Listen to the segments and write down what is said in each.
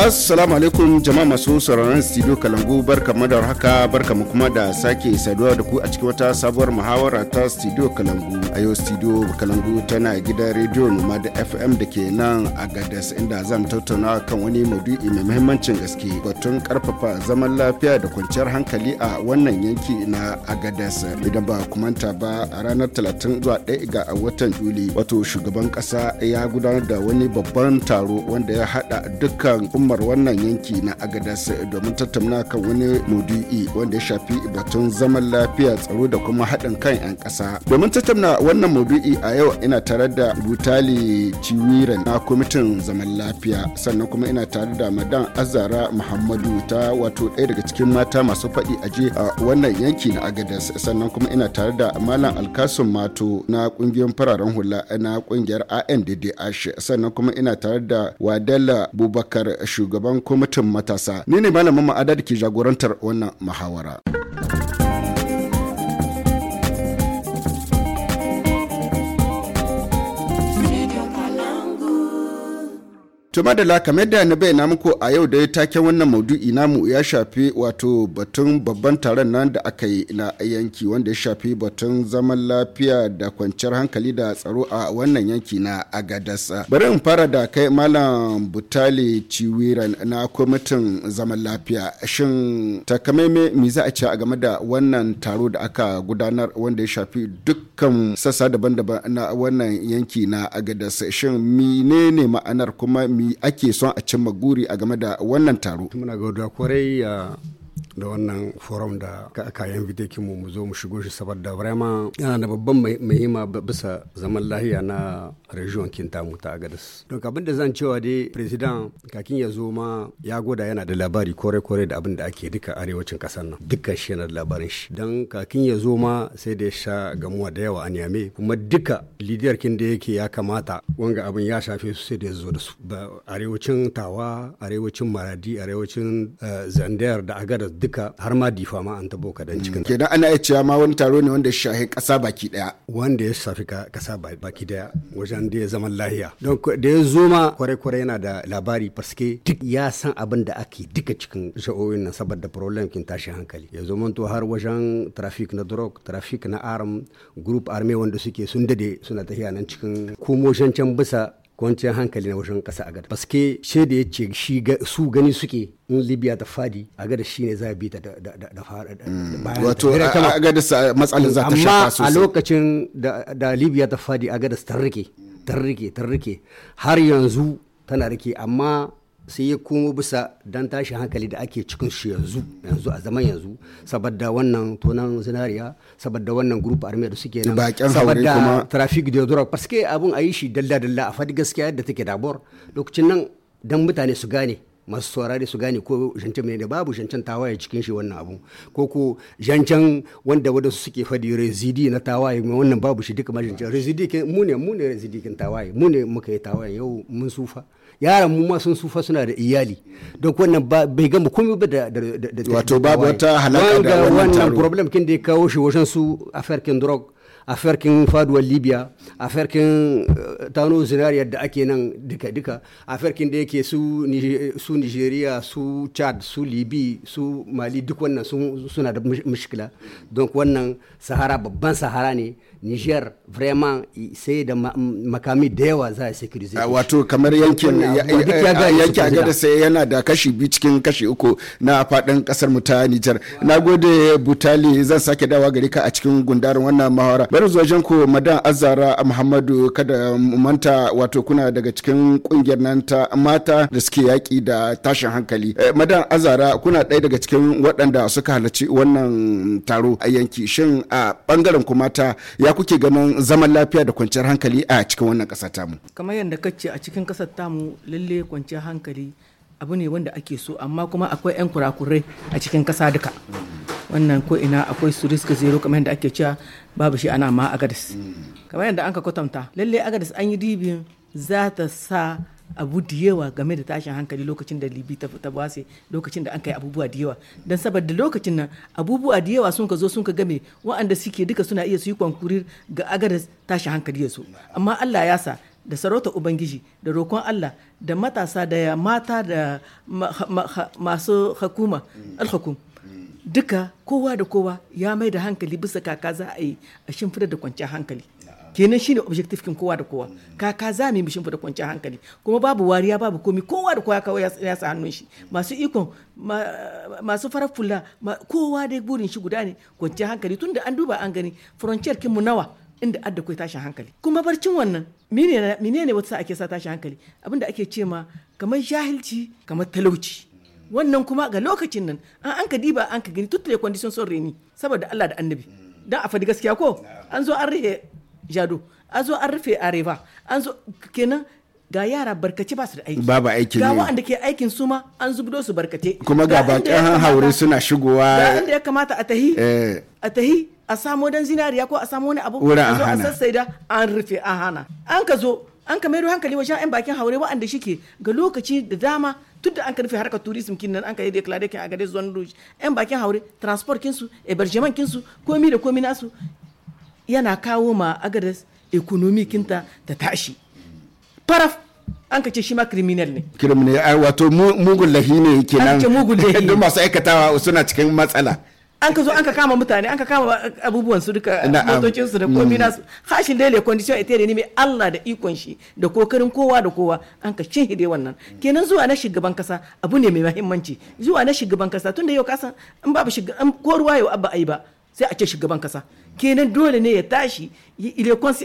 Assalamu alaikum jama'a masu sauraron studio Kalangu barkamu da haka mu kuma da sake saduwa da ku a cikin wata sabuwar muhawara ta studio Kalangu. A yau studio Kalangu tana gidan Radio Nomad FM da ke nan a Gadas inda zan tattauna kan wani maudu'i mai muhimmancin gaske batun karfafa zaman lafiya da kwanciyar hankali a wannan yanki na Agadas. Idan ba kumanta ba a ranar 30 zuwa 1 ga watan Juli wato shugaban kasa ya gudanar da wani babban taro wanda ya hada dukkan al'ummar wannan yanki na agadas domin tattauna kan wani maudu'i wanda ya shafi batun zaman lafiya tsaro da kuma haɗin kan 'yan ƙasa domin tattauna wannan maudu'i a yau ina tare da butali ciwiran na kwamitin zaman lafiya sannan kuma ina tare da madan azara muhammadu ta wato ɗaya daga cikin mata masu faɗi a je a wannan yanki na agadas sannan kuma ina tare da malam alkasun mato na ƙungiyar fararen hula na ƙungiyar andh sannan kuma ina tare da wadala bubakar shugaban kwamitin matasa ne ne malamin ma'adar ke jagorantar wannan muhawara. To madala kamar da na bayyana muku a yau da taken wannan maudu'i namu ya shafi wato batun babban taron nan da aka yi na yanki wanda ya shafi batun zaman lafiya da kwanciyar hankali da tsaro a wannan yanki na Agadasa. Bari in fara da kai Malam Butali Ciwiran na kwamitin zaman lafiya. Shin takamaiman me za a ce a game da wannan taro da aka gudanar wanda ya shafi dukkan sassa daban-daban na wannan yanki na Agadasa. Shin menene ma'anar kuma mi ake son a cimma guri a game da wannan taro. Muna kwarai da wannan forum da aka yan ki mu zo mu shigo shi saboda vraiment yana da babban muhimma bisa zaman lahiya na region Kintamu ta Agadez. Don abin da zan cewa dai president kakin ya zo ma ya goda yana da labari kore-kore da abin da ake duka arewacin kasar nan dukkan shi yana da labarin shi. Dan kakin ya zo ma sai da ya sha gamuwa da yawa a yame kuma duka lidiyar kin da yake ya kamata wanga abin ya shafe su sai da ya zo da su. Arewacin Tawa, arewacin Maradi, arewacin eh, Zandayar da Agadez duk duka har ma difa ma an tabo kadan mm. cikin kenan ana iya cewa ma wani taro ne wanda ya shafi kasa baki daya wanda ya shafi kasa baki daya wajen da ya zama lahiya don da ya zo ma kware-kware yana da labari paske duk ya san abin da ake duka cikin sha'o'in nan saboda problem kin tashi hankali ya zo to har wajen traffic na drug traffic na arm group army wanda suke sun dade suna tafiya nan cikin komo can bisa kwanciyar hankali na wajen ƙasa a gada baske shi da ya ce su gani suke in libya ta fadi a gada shi ne za a bi ta da hmm. bayan wato a gada matsalin za ta shafa sosai amma a lokacin da libya ta fadi a gada ta rike ta rike ta rike har yanzu tana rike amma sai ya komo bisa dan tashi hankali da ake cikin shi yanzu yanzu a zaman yanzu saboda wannan tonan zinariya saboda wannan group army da suke nan saboda traffic da dora paske abun a yi shi dalla dalla a fadi gaskiya yadda take dabuwar lokacin nan dan mutane su gane masu saurari su gane ko zancen ne da babu zancen tawaye cikin shi wannan abu ko ko zancen wanda wadansu suke fadi rezidi na tawaye mai wannan babu shi duka ma rezidi mu ne mu ne rezidi kin tawaye mu ne muka yi tawaye yau mun sufa yaran mu ma sun sufa suna da iyali don wannan bai gama komai ba da da wato babu wata halaka da wannan problem kin da ya kawo shi wajen su afirkin drug afirkin faduwar libya afirkin eh, tano zinariyar da ake nan duka-duka afirkin da yake su nigeria su chad su libi su mali duk wannan suna da mushkila don wannan sahara babban sahara ne niger vraiment sai da makami da yawa za a a wato kamar yankin yankin agada sai yana da kashi biyu cikin kashi uku na faɗin kasar mu ta niger na gode butali zan sake dawa gari ka a cikin gundarin wannan mahawara bari zuwa jan ku madan azara muhammadu kada manta wato kuna daga cikin kungiyar nan ta mata da suke yaƙi da tashin hankali eh, madan azara kuna ɗaya daga cikin waɗanda suka halarci wannan taro a yanki shin a ɓangaren ku mata ya ya kuke ganin zaman lafiya da kwanciyar hankali a cikin wannan ƙasa tamu kamar yadda kace a cikin ƙasar tamu lalle kwanciyar hankali abu ne wanda ake so amma kuma akwai 'yan kurakurai a cikin ƙasa duka wannan ko ina akwai su riska zero kamar yadda ake cewa babu shi ana ma agadis mm. kamar yadda an ka kwatanta lalle agadis an yi dibin za ta sa abu da yawa game da tashin hankali lokacin da libi ta lokacin da an kai abubuwa da yawa don saboda lokacin nan abubuwa da yawa sun ka zo sun ka game waɗanda suke duka suna iya su yi kwankurir ga agar tashin hankali su amma Allah ya sa da sarauta ubangiji da roƙon Allah da matasa da ya mata da masu hukuma alhukum duka kowa da kowa ya mai da hankali bisa kaka za a yi a shimfida da kwanciyar hankali kenan shine objective kin kowa da kowa ka ka za mu mishin da kwanciyar hankali kuma babu wariya babu komi kowa da kowa kawai ya sa hannun shi masu ikon masu farar fulla kowa da burin shi guda ne kwanciyar hankali tunda an duba an gani frontier kin mu nawa inda adda kai tashin hankali kuma barcin wannan mine ne wata ake sa tashin hankali abinda ake ce ma kamar jahilci kamar talauci wannan kuma ga lokacin nan an an ka diba an ka gani tuttule condition son reni saboda Allah da annabi dan a fadi gaskiya ko an zo an rihe jado an zo an rufe areva an zo kenan ga yara barkace ba su da aiki babu aiki ga wanda ke aikin su ma an zubdo su barkace kuma ga bakin haure suna shigowa ga inda ya kamata a tahi eh. a tahi a samu dan zinariya ko a samu wani abu wurin an hana a sassaida an rufe an hana an ka zo an ka maido hankali wajen yan bakin haure waɗanda shike ga lokaci da dama tun da an ka rufe harkar tourism kin nan an ka yi declaration a gare zuwan rouge yan bakin haure transport kinsu su hébergement kinsu komi da komi nasu yana kawo ma agadas ekonomikinta ta tashi faraf an ka ce shi ma criminal ne criminal ai wato mugun lahi ne kenan an ce mugun lahi don masu aikatawa suna cikin matsala an ka zo an ka kama mutane an ka kama abubuwan su duka motocin su da mm. komai na su hashin dai condition ita ne mai Allah da ikon shi da kokarin kowa da kowa an ka cin hide wannan kenan zuwa na shugaban kasa abu ne mai muhimmanci zuwa na shugaban kasa tunda yau kasan in babu shugaban ko ruwa yau abba ai ba sai a ce shugaban kasa kenan dole ne ya tashi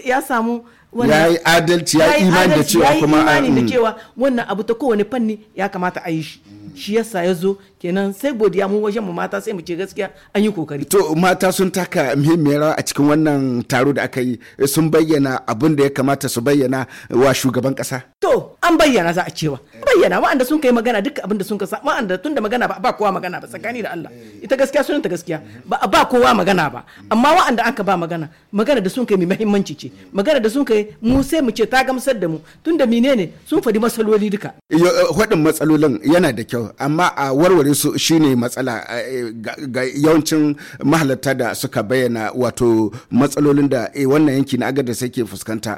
ya samu ya yi adalci ya yi imani da cewa kuma ya yi da um, cewa wannan abu ta kowane fanni ya kamata a yi shi shi yasa ya zo kenan sai godiya mu wajen mu mata sai mu ce gaskiya an yi kokari to mata sun taka muhimmiyar rawa a cikin wannan taro da aka yi sun bayyana abin da ya kamata su bayyana wa shugaban kasa to an bayyana za a cewa bayyana wa'anda sun kai magana duk abin da sun ka wa'anda da magana ba ba kowa magana ba tsakani da Allah ita gaskiya sunan ta gaskiya ba ba kowa magana ba amma wa'anda aka ba magana magana da sun kai mai muhimmanci ce magana da sun kai mu sai mu ce ta gamsar da mu tun da menene sun fadi masaloli duka hudun eh, matsalolin yana da kyau amma a warware su shine matsala eh, ga yawancin mahalarta da suka bayyana wato matsalolin da eh, wannan yanki na agada sai ke fuskanta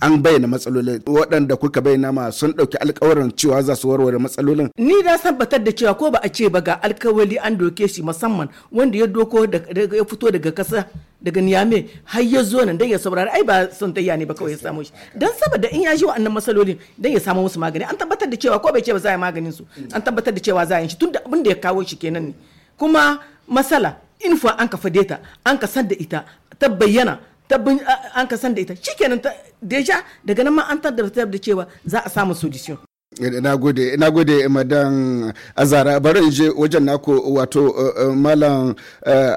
an bayyana matsalolin waɗanda kuka bayyana ma sun ɗauki alkawarin cewa za su warware matsalolin. Ni na tabbatar da cewa ko ba a ce ba ga alkawali an doke shi musamman wanda ya doko ya fito daga ƙasa daga niyame har ya zo nan dan ya saurari ai ba son tayya ne ba kawai ya samu shi dan saboda in ya ji wa'annan matsalolin dan ya samu musu magani an tabbatar da cewa ko bai ce ba za a yi maganin su an tabbatar da cewa za a yi shi tunda abin da ya kawo shi kenan ne kuma masala in fa an ka fadeta an ka san da ita ta bayyana ta an ka san da ita shikenan ta deja daga nan ma an tabbatar da cewa za a samu solution na gode eh, madan azara bari je wajen naku wato eh, eh, malam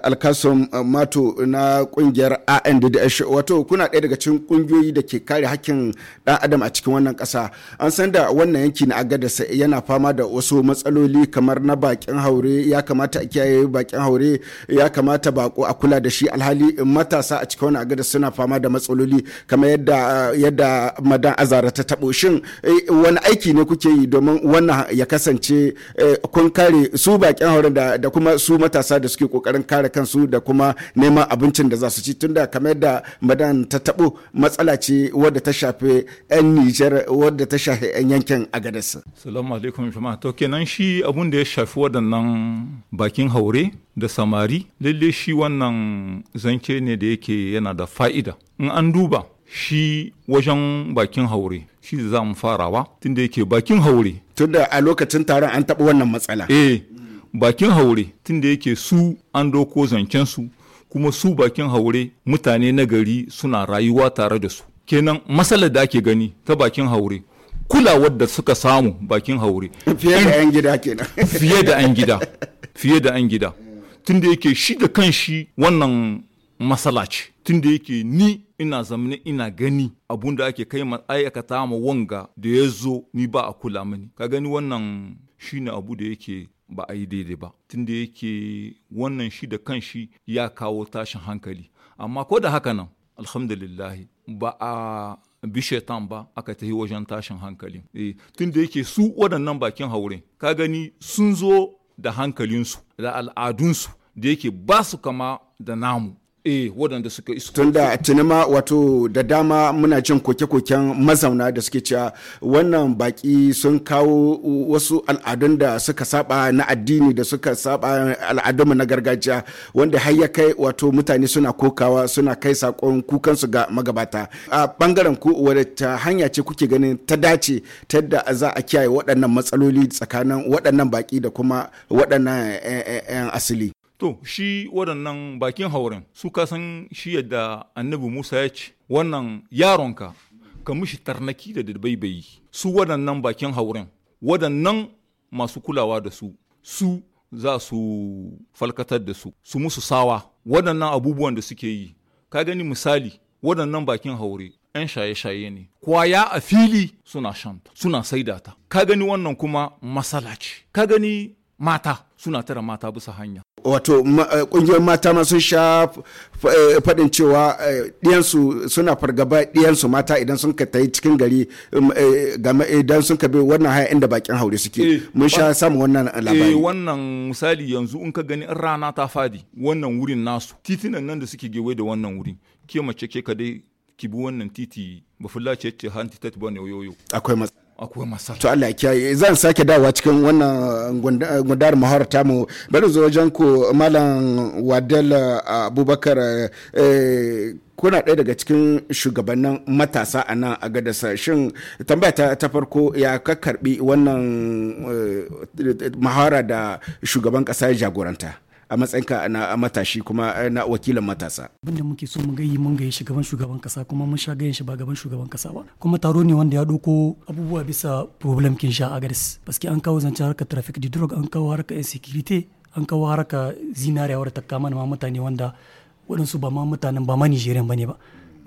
alkasum mato na kungiyar andh wato kuna ɗaya daga cikin kungiyoyi da ke kare hakkin dan adam a cikin wannan ƙasa an san da wannan yanki na agadasa yana fama da wasu matsaloli kamar na bakin haure ya kamata a kiyaye bakin haure ya kamata bako a kula da shi alhali matasa a cikin wannan agadasa suna fama da matsaloli kamar yadda yadda madan azara ta taɓo. shin wani aiki ne ne kuke yi domin wannan ya kasance eh, kun kare su bakin hauren da kuma su matasa da suke kokarin kare kansu da kuma neman abincin da za su ci tunda kamar da madan ta tabo matsala ce wadda ta shafi 'yan nijar wadda ta shafi 'yan yankin agadas salamu alaikum jama'a to kenan shi abun da ya shafi wadannan bakin haure da samari lalle shi wannan zance ne da yake yana da fa'ida in an duba shi wajen bakin haure shi za mu farawa tunda yake bakin haure tunda a lokacin taron an taɓa wannan matsala eh bakin haure tunda yake su an doko zancen su kuma su bakin haure mutane na gari suna rayuwa tare da su kenan matsalar da ake gani ta bakin haure kulawar da suka samu bakin haure fiye da 'yan gida kenan fiye da an gida fiye da an gida tunda yake shi da kan shi wannan matsala ce tun da yake ni ina zamani ina gani abun da ake kai aikata ma wanga da ya zo ni ba a kula mani ka gani wannan shi ne abu da yake ba a yi daidai ba tun da yake wannan shi da shi ya kawo tashin hankali amma ko da haka nan alhamdulillah ba a bi shaitan ba aka tafi wajen tashin hankali e, eh, tun da yake su waɗannan bakin haure ka gani sun zo da hankalinsu da al'adunsu da yake ba su kama da namu eh waɗanda suka iso tunda tinima wato da dama muna jin koke-koken mazauna da suke cewa wannan baki sun kawo wasu al'adun da suka saba na addini da suka saba al'adunmu na gargajiya wanda har ya kai wato mutane suna kokawa suna kai sakon kukansu ga magabata a bangaren ku wadda hanya ce kuke ganin ta dace ta yadda za a kiyaye waɗannan matsaloli tsakanin waɗannan baki da kuma waɗannan eh, eh, eh, 'yan asili To, shi waɗannan bakin hauren su san shi yadda annabi Musa ya ce, wannan yaronka ka mishi tarnaki da dabaibayi su waɗannan bakin hauren, waɗannan masu kulawa da su, su za su falkatar da su, su musu sawa waɗannan abubuwan da suke yi. Ka gani misali, waɗannan bakin haure 'yan shaye-shaye ne kwaya a fili suna shanta suna saida ta ka gani wannan kuma masala ce ka gani mata suna tara mata bisa hanya wato eh, kungiyar mata ma sun sha eh, faɗin cewa eh, ɗiyansu suna fargaba ɗiyansu mata idan sun ka tayi cikin gari mm, idan sun ka bi wannan haya inda bakin haure suke mun sha samun wannan labari wannan misali yanzu in ka gani in rana ta fadi wannan wurin nasu titinan nan da suke gewe da wannan wurin ke mace ke ka dai ki bi wannan titi ba fulla ce ce hanti tat ne yoyo akwai akwai masar to Allah ya zan sake dawowa cikin wannan gundar ta mu bari zo wajen ku malam Wadal eh, Abubakar eh, kuna ɗaya daga cikin shugabannin matasa a nan a gadasa shin tambaya ta farko ya ka karbi wannan eh, muhawara da shugaban ƙasa ya jagoranta a matsayinka na matashi kuma eh, na wakilan matasa abin da muke so mu gayi mun gayi shugaban shugaban kasa kuma mun sha gayin shi ba gaban shugaban kasa ba kuma taro ne wanda ya doko abubuwa bisa problem kin sha agaris paske an kawo zancen harkar traffic di drug an kawo harkar insecurity an kawo harkar zinariya wadda ta kama ma mutane wanda waɗansu ba ma mutanen ba ma nigerian ba ne ba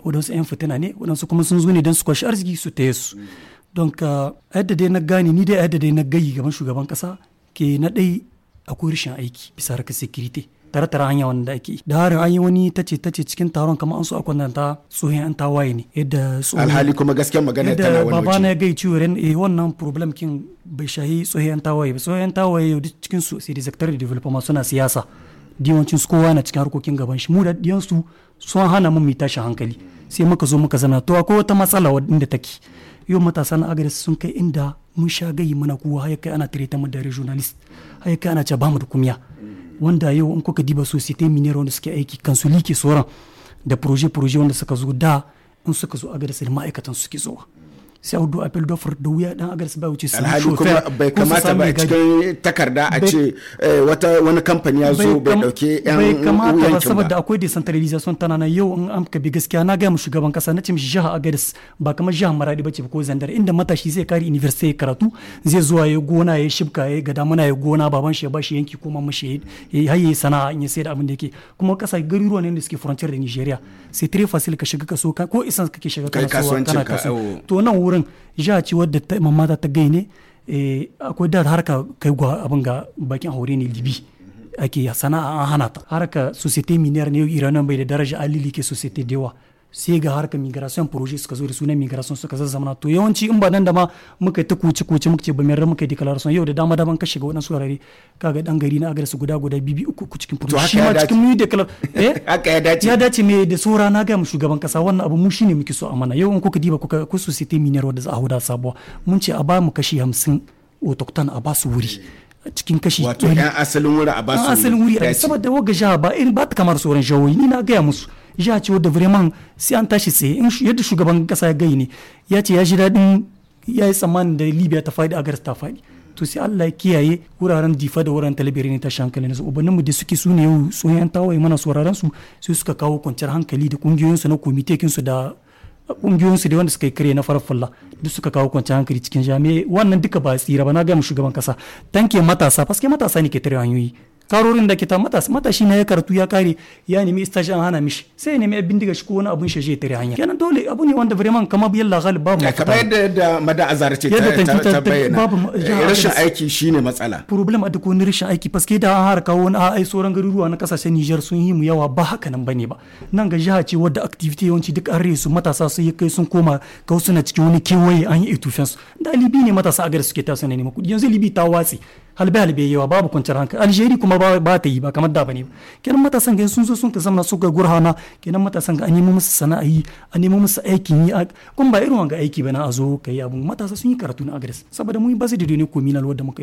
waɗansu 'yan fitina ne waɗansu kuma sun zo ne don su kwashi arziki su taya su don ka yadda dai na gane ni dai yadda dai na gayi gaban shugaban kasa ke na dai. akwai rashin aiki bisa harkar security tare tare hanya wanda ake da harin an yi wani tace tace cikin taron kamar an so a kwantanta tsohon yan tawaye ne yadda alhali kuma gaskiyar magana tana wani baba na gai ciwo ren eh wannan problem kin bai shahi tsohon yan tawaye ba tsohon yan tawaye yau cikin su sai sector ma suna siyasa diwancin su kowa na cikin harkokin gaban shi mu da diyan su sun hana mu mu tashi hankali sai muka zo muka zana to akwai wata matsala wadda take yau matasa na agaris sun kai inda mun sha gayi mana kuwa haya kai ana tireta mu da regionalist haya kai ana ce ba mu da kumiya wanda yau in kuka diba societe minera wanda suke aiki kansu like sauran da proje proje wanda suka zo da in suka zo agaris ma'aikatan suke zuwa sai hudu apel d'offre da wuya dan agar su wuce sai alhali kuma bai kamata ba cikin takarda a ce eh, wata wani kamfani ya zo bai dauke yan bai kamata ba saboda akwai decentralization tana na yau in an ka bi gaskiya na ga mu shugaban kasa na ce mishi jiha agaris ba kamar jaha maradi bace ko zandar inda matashi zai kare university karatu zai zuwa ya gona ya shibka ya gada mana ya gona baban shi ya bashi yanki kuma mashi ya haye sana'a in ya sayar abin da yake kuma kasa garuruwa ne da suke frontier da Nigeria sai très facile ka shiga kaso ko isan kake shiga kaso kana kaso to nan wurin wurin ja ci wadda ta mamata ta gai ne eh, akwai da harka kai gwa abin ga bakin haure ne libi ake sana'a an hana ta harka societe miniyar ne iranian bai da daraja alili ke societe da yawa sai ga harkar migration project suka zo da sunan migration suka zazzamana to yawanci in ba nan da ma muka ta kuci kuci muka ce ba mai muka yi declaration yau da dama daban ka shiga wadansu wurare kaga dan gari na agarsu guda guda bibi uku ku cikin project shi ma cikin mu declaration eh haka ya dace ya dace ne da sora na ga mu shugaban kasa wannan abu mu shine muke so a mana yau in kuka diba kuka ku society minero da za a huda sabuwa mun ce a ba mu kashi 50 autochthone a ba su wuri cikin kashi wato yan asalin wuri a ba su wuri saboda waga jiha ba in ba ta kamar sauran jihohi ni na gaya musu ya ce wadda vraiment sai an tashi tsaye yadda shugaban kasa ya gai ne ya ce ya ji daɗin ya yi tsammanin da libya ta faɗi agaris ta faɗi to sai Allah ya kiyaye wuraren difa da wuraren talabiri ne tashin hankali nasu mu da suke su ne yau tsohon tawaye mana sauraron su sai suka kawo kwanciyar hankali da su na su da su da wanda suka yi kare na farfalla duk suka kawo kwanciyar hankali cikin jami'a wannan duka ba tsira ba na gaya mu shugaban kasa tanke matasa paske matasa ne ke tare hanyoyi karorin da ke ta matashi matashi na ya karatu ya kare ya nemi stage an hana mishi sai ya nemi abin diga shi ko wani abin shaje tare hanya kenan dole abu ne wanda vraiment kamar yalla galib babu mafita kamar yadda yadda mada azar ce ta bayyana rashin aiki shine matsala problem a duk wani rashin aiki paske da an har kawo wani ai sauran garuruwa na kasashen Niger sun yi mu yawa ba haka nan bane ba nan ga jiha ce wadda activity yawanci duk an su matasa sun yi kai sun koma wasu suna cikin wani kewaye an yi etufens da libi ne matasa a gari suke ta suna kudi yanzu libi ta watsi halbe halbe yawa babu kwanciyar hankali algeria kuma ba ta yi ba kamar da bane ba kenan matasan ga sun zo sun ta zama suka gurhana kenan matasan ga an nemo musu yi an nemo musu aikin yi kun ba irin wanga aiki bana a zo ka yi abun matasa sun yi karatu na agres saboda mun ba su da dole communal wanda muka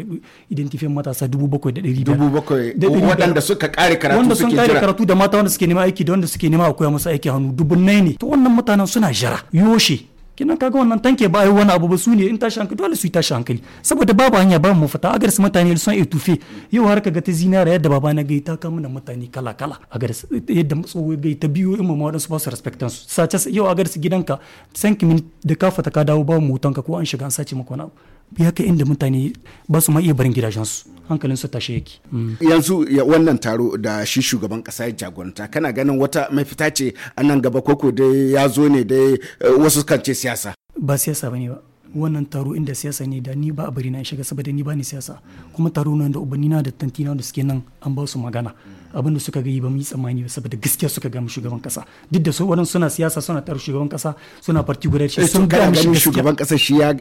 identify matasa 7700 waɗanda suka kare karatu wanda sun kare karatu da mata wanda suke nema aiki da wanda suke nema a koya musu aiki hannu nai ne to wannan mutanen suna jara. yoshe kinan kaga wannan tanke ba wani abu ba su ne in tashi hankali dole su yi tashi hankali saboda babu hanya ba mu fita agar su mutane san etufe yau har kaga ta zinara yadda baba na gai ta kama mutane kala kala agar yadda matsowa gai ta biyo in ma wadansu ba su respectan su sace yau agar su gidanka san kimin da ka fata ka dawo ba mu hutanka ko an shiga an sace maka wani abu ya kai inda mutane ba su ma iya barin gidajensu hankalin su tashe yake. Mm. yanzu wannan taro da shi shugaban kasa ya jagoranta kana ganin wata mafita ce a nan gaba koko dai ya zo ne dai eh, wasu kan ce siyasa. ba siyasa ba ne ba wannan taro inda siyasa ne da ni ba a bari na shiga saboda ni ba ni siyasa kuma taro nan da ubanni na da tantina da suke nan an ba su magana. abinda suka ga yi ba mu yi tsammani ba saboda gaskiya suka ga mu shugaban kasa duk da su wannan suna siyasa suna tar shugaban kasa suna farti guda shi eh, sun ga mu shugaban kasa shi ya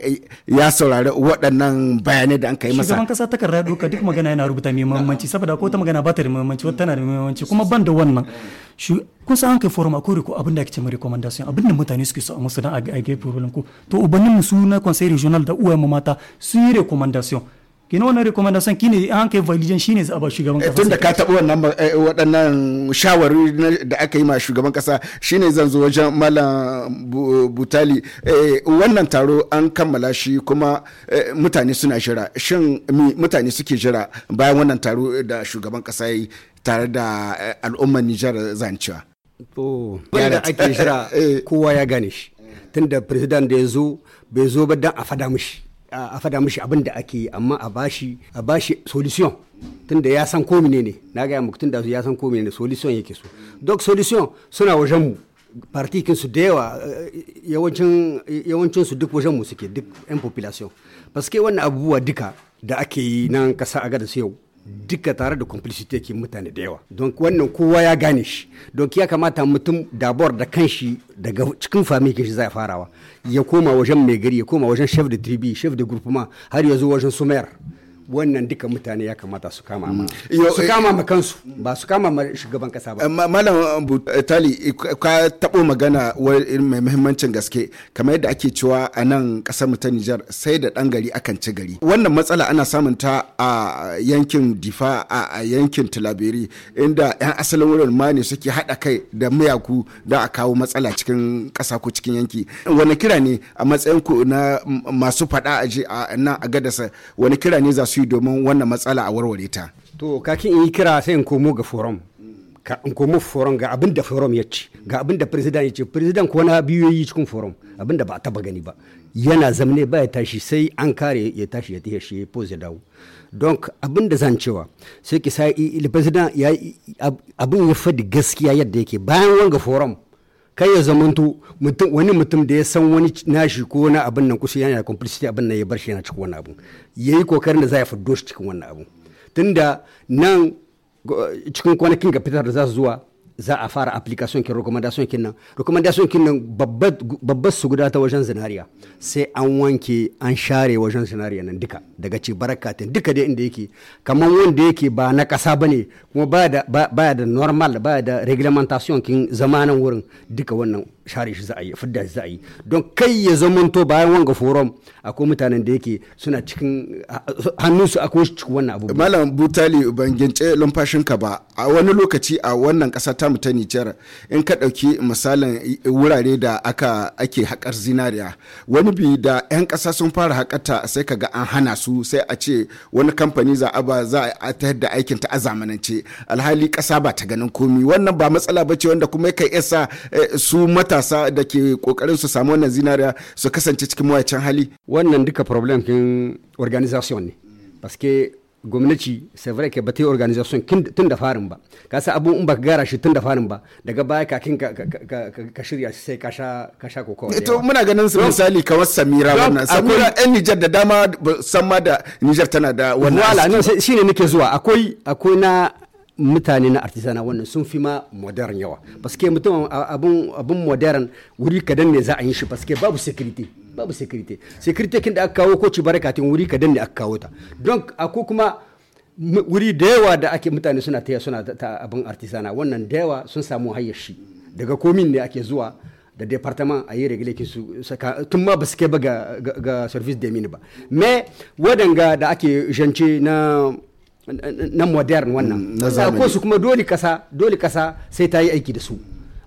ya saurari waɗannan bayanai da an kai masa shugaban kasa takarda doka duk magana yana rubuta mai muhimmanci saboda ko ta magana ba ta da muhimmanci wata tana da muhimmanci kuma ban da wannan kun san an kai forum akwai riko abin da ake cewa recommendation abin da mutane suke so a musu dan a ga problem ko to ubannin mu su na conseil regional da uwa mata su yi recommendation kina wannan recommendation kine an kai validation shine zaba shugaban eh, kasa tunda ka taɓa wannan eh, waɗannan shawari da aka yi ma shugaban kasa shine zan zo wajen malam butali eh, wannan taro an kammala shi kuma mutane suna jira shin mutane suke jira bayan wannan taro da shugaban kasa yi tare da al'ummar Nijar zancewa to da ake jira kowa ya gane shi tunda president da ya zo bai zo ba dan a fada mishi a fada mishi abin da ake yi amma a bashi a bashi solution tunda ya san ko ne na ga muku da ya san ko ne solution yake so dok solution suna wajen mu partikin su da yawa eh, yawancin su duk wajen mu suke duk yan population parce que wannan abubuwa duka da ake yi nan kasa a gada su yau duka tare da complicity ke mutane da yawa don wannan kowa ya gane shi don ya kamata mutum dabuwar da kanshi daga cikin famikin shi zai farawa ya koma wajen mai gari ya koma wajen chef de tribu chef de groupement har ya zo wajen sumayar wannan duka mutane ya kamata su kama ma mm. su eh, kama ma kansu ba su kama ma shugaban kasa ba eh, malam eh, tali ka tabo magana mai muhimmancin gaske kamar yadda ake cewa a nan kasar mu ta Nijar sai da dan gari akan ci gari wannan matsala ana samun ta a yankin Difa a yankin Tilaberi inda yan asalin wurin ma ne suke hada kai da miyaku da a kawo matsala cikin kasa ko cikin yanki wani kira ne a matsayin ku na masu fada a nan a gadasa wani kira ne za su yi domin wannan matsala a warware ta to kakin in yi kira sai in komo ga forum ka in komo forum ga abin da forum ya ce ga abin da president ya ce president ko na yi cikin forum abin da ba taba gani ba yana zamne ba ya tashi sai an kare ya tashi ya tashi shi ya pose dawo don abin da zan cewa sai ki sai president ya abin ya faɗi gaskiya yadda yake bayan wanga forum kai ya zamanto mutum wani mutum da ya san wani nashi ko wani abin nan kusa yana da complicity abin nan ya bar shi yana cikin wannan abun yayi kokarin da za ya fiddo shi cikin wannan abun tunda nan cikin kwanakin ga fitar da za su zuwa za a fara application kin recommendation kin nan recommendation kin nan babbar su guda ta wajen zinariya sai an wanke an share wajen zinariya nan duka daga ci baraka barakatin duka dai inda yake kamar wanda yake ba na kasa bane kuma baya da baya da normal baya da reglementation kin zamanin wurin duka wannan share shi za a yi fidda shi za a yi don kai ya zamanto bayan wanga forum akwai mutanen da yake suna cikin su akwai shi cikin wannan abubuwa malam butali ban gince ka ba a wani lokaci a wannan kasa ta mu ta nijar in ka ɗauki misalin wurare da aka ake haƙar zinariya wani bi da 'yan ƙasa sun fara haƙata sai ka ga an hana su sai a ce wani kamfani za a ba za a ta yadda aikin ta a zamanance alhali ƙasa ba ta ganin komi wannan ba matsala ba ce wanda kuma ya isa eh, su mata matasa da ke kokarin su samu wannan zinariya su kasance cikin mawacin hali wannan duka problem kin organization ne paske gwamnati sai vrai ke ba ta yi organization tun da farin ba ka sa abu in ba ka gara shi tun da farin ba daga baya kakin ka shirya shi sai ka sha koko. to muna ganin su misali kamar samira wannan samira yan nijar da dama san ma da nijar tana da wannan wala ne shine nake zuwa akwai akwai na mutane na artisana wannan sun fi ma modern yawa paske mutum abun modern wuri kadan ne za a yi shi paske babu security babu security security kin da aka kawo ko ci barakatin wuri kadan ne aka kawo ta don ako kuma wuri da yawa da ake mutane suna taya suna ta abin artisana wannan da yawa sun samu hayar shi daga komin ne ake zuwa da departement a yi kin su tun ma ba su ba ga service de mine ba me wadanga da ake jance na na modern wannan mm, akwai su kuma dole kasa dole kasa sai ta yi aiki da su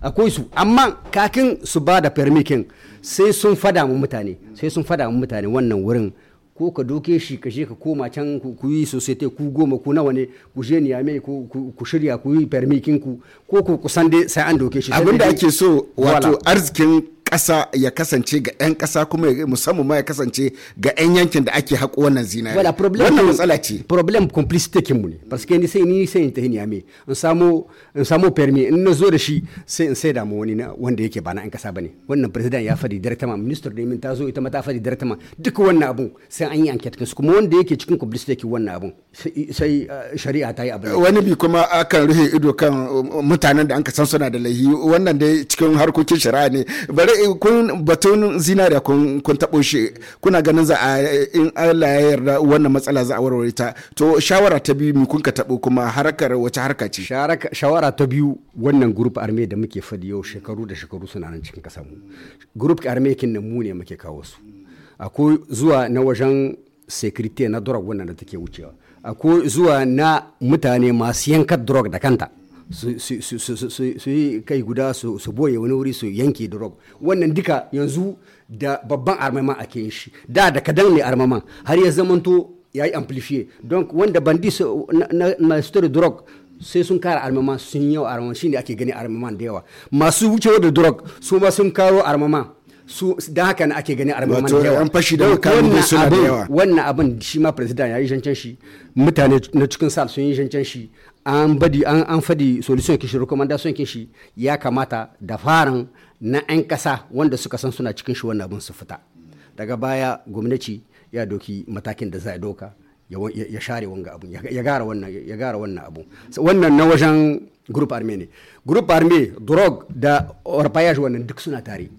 akwai su amma kakin su ba da permikin sai sun fada mu mutane sai sun fada mu mutane wannan wurin ko ka doke shi ka je ka koma can ku yi society ku goma ku nawa ne ku je ni yame ku shirya ku yi permikin ku ko ku kusan dai sai an doke shi abinda ake so wato arzikin kasa ya kasance ga 'yan kasa kuma musamman ma ya kasance ga 'yan yankin da ake haƙo wannan zinari wannan matsala ce problem complicity kin mu ne parce que ni sai ni sai ta hinya ni ame in samo in samo permit in na zo da shi sai in sai da mu wani na wanda yake ba na 'yan kasa bane wannan president ya fadi directement minister da min ta zo ita ma ta faɗi directement duk wannan abun sai an yi enquete kansu kuma wanda yake cikin complicity kin wannan abun sai eh, shari'a ta yi abin wani bi kuma akan rufe ido kan um, mutanen da an san suna da laihi wannan dai cikin harkokin shari'a ne bare Eh, kun batun zinariya kun taɓo shi kuna ganin za a in Allah ya yarda wannan matsala za a warware ta to shawara ta biyu kun ka taɓo kuma harkar wace harka ce shawara ta biyu wannan group army da muke fadi yau shekaru da shekaru suna nan cikin kasa mu group army kin nan mu ne muke kawo su akwai zuwa na wajen security na drug wannan da take wucewa akwai zuwa na mutane masu yankar drug da kanta su yi kai guda su boye wani wuri su yanke drug wannan duka yanzu da babban armama ake yin shi da da kadan ne armama har ya zamanto ya yi amplifiye don wanda bandi na story drug sai sun kara armama sun yawa armama shine ake gani armama da yawa masu wucewa da drug su ma sun karo armama su da haka na ake gani armama da yawa an fashi suna wannan abin shi ma president ya yi shancan shi mutane na cikin sal sun yi shancan shi an badi an an fadi solution kishi recommendation kishi ya kamata da farin na 'yan kasa wanda suka san suna cikin shi wannan abin su fita daga baya gwamnati ya doki matakin da za a doka ya share wanga abun ya gara wannan ya gara wannan abun wannan na wajen group army ne group army drug da orpayage wannan duk suna tare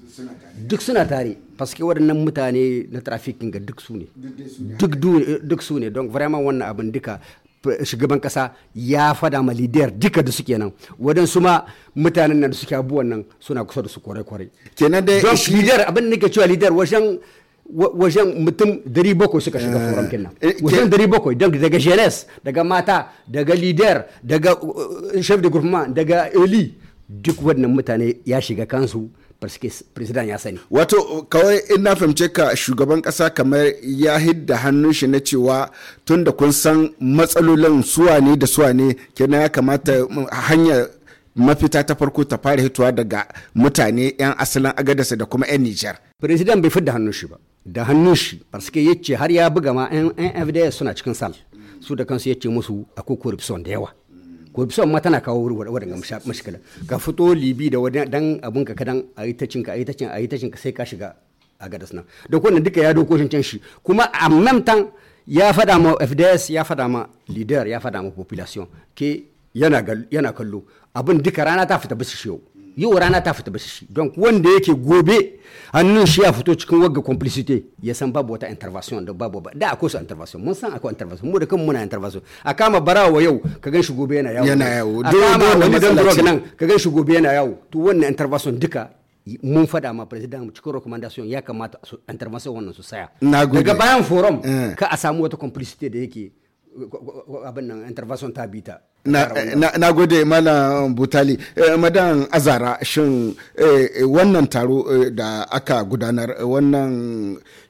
duk suna tare paske waɗannan mutane na trafficking ga duk su ne duk su ne don vraiment wannan abin duka shugaban kasa ya fada ma lidiyar duka da suke nan wadansu ma mutanen nan da suke abubuwan nan suna kusa da su kore kore kenan dai shi lidiyar abin da nake cewa lidiyar wajen wajen mutum dari bakwai suka shiga eh, forum kenan eh, wajen dari bakwai don daga jeunesse daga mata daga lidiyar daga uh, uh, chef de groupement daga eli duk wannan mutane ya shiga kansu president ya sani wato kawai in na fahimce ka shugaban kasa kamar ya hidda hannun shi na cewa tun da kun san matsalolin suwa ne da suwa ne kenan ya kamata hanya mafita ta farko ta fara hitowa daga mutane 'yan asalin agadarsa da kuma 'yan nijar president bai fidda hannun shi ba da hannun shi parce ya ce har ya buga ma 'yan fds suna cikin sal su da kansu ya ce musu akwai da yawa corruption ma tana kawo waɗanda mashikila ka fito libi da wani dan abin ka kadan a yi ta cinka a yi ta cinka a yi ta ka sai ka shiga a gadas nan da kuma duka ya doko shin shi kuma a nan ya fada ma FDS ya fada ma leader ya fada ma population ke yana kallo abin duka rana ta fita bisa shi yau yau rana ta fita bashi don wanda yake gobe hannun shi ya fito cikin wagga complicity ya san babu wata intervention da babu ba da akwai su intervention mun san akwai intervention mu da kanmu muna intervention a kama barawa yau ka gan shi gobe yana yawo yana yawo a kama wani don drug nan ka gan shi gobe yana yawo to wannan intervention duka mun fada ma president cikin recommendation ya kamata intervention wannan su saya daga bayan forum eh. ka a samu wata complicity da yake abin nan intervention ta bita na, gode malam butali eh, madan azara shin eh, eh, wannan taro da aka gudanar wannan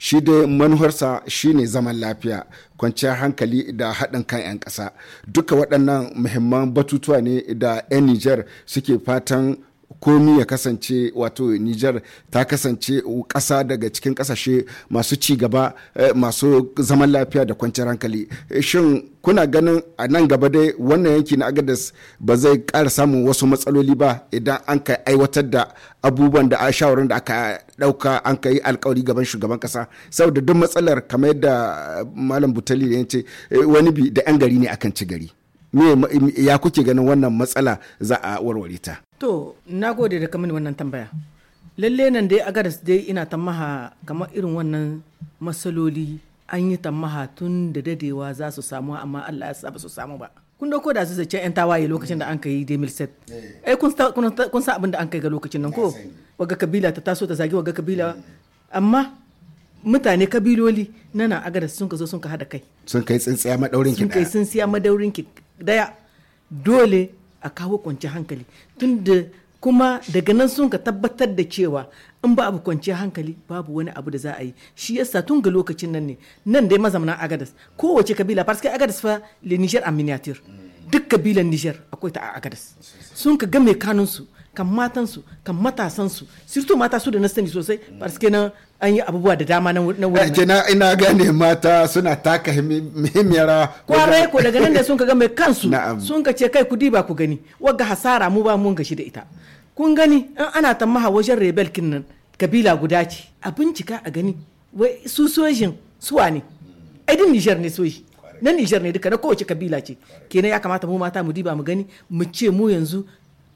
shi da manuharsa shine zaman lafiya kwanciyar hankali da haɗin kan 'yan ƙasa duka waɗannan muhimman batutuwa ne da 'yan niger suke fatan komi ya kasance wato Nijar ta kasance ƙasa daga cikin ƙasashe masu ci gaba eh, masu zaman lafiya da kwanciyar hankali eh, shin kuna ganin a nan gaba dai wannan yanki na agadas ba zai ƙara samun wasu matsaloli ba idan an ka aiwatar da abubuwan da a shawarar da aka ɗauka an ka yi alkawari gaban shugaban ƙasa saboda duk matsalar kamar yadda malam butali ya ce eh, wani bi da 'yan gari ne akan ci gari ya kuke ganin wannan matsala za a warware ta to na gode da kamar wannan tambaya lalle nan dai gadas dai ina tamaha kamar irin wannan matsaloli an yi tamaha tun da dadewa za su samu amma Allah ya sa ba su samu ba kun dauko da su zace yan tawaye lokacin da an kai demil set Eh kun sa abin da an kai ga lokacin nan ko waga kabila ta taso ta zagi waga kabila eh. amma mutane kabiloli nana a gadas sun ka zo sun ka hada kai sun kai tsintsiya madaurin ki sun kai tsintsiya madaurin ki daya dole a kawo kwanciyar hankali tunda kuma daga nan sun ka tabbatar da cewa in ba abu kwanciyar hankali babu wani abu da za a yi shi yasa tun ga lokacin nan ne nan dai mazamna agadas kowace kabila parce que agadas fa le niger a miniature duk kabilan niger akwai ta a agadas sun ka ga su kan matansu kan matasansu surtout mata su da na sani sosai parce que na an yi abubuwa da dama na wurin kina ina gane mata suna taka muhimmiyar kwarai ko daga nan da sun ka ga mai kansu sun ka ce kai ku diba ku gani wagga hasara mu ba mun gashi da ita kun gani an ana tamaha wajen rebel kin nan kabila guda ce a bincika a gani wai su sojin suwa ne aidin nijar ne soji na nijar ne duka na kowace kabila ce kenan ya kamata mu mata mu diba mu gani mu ce mu yanzu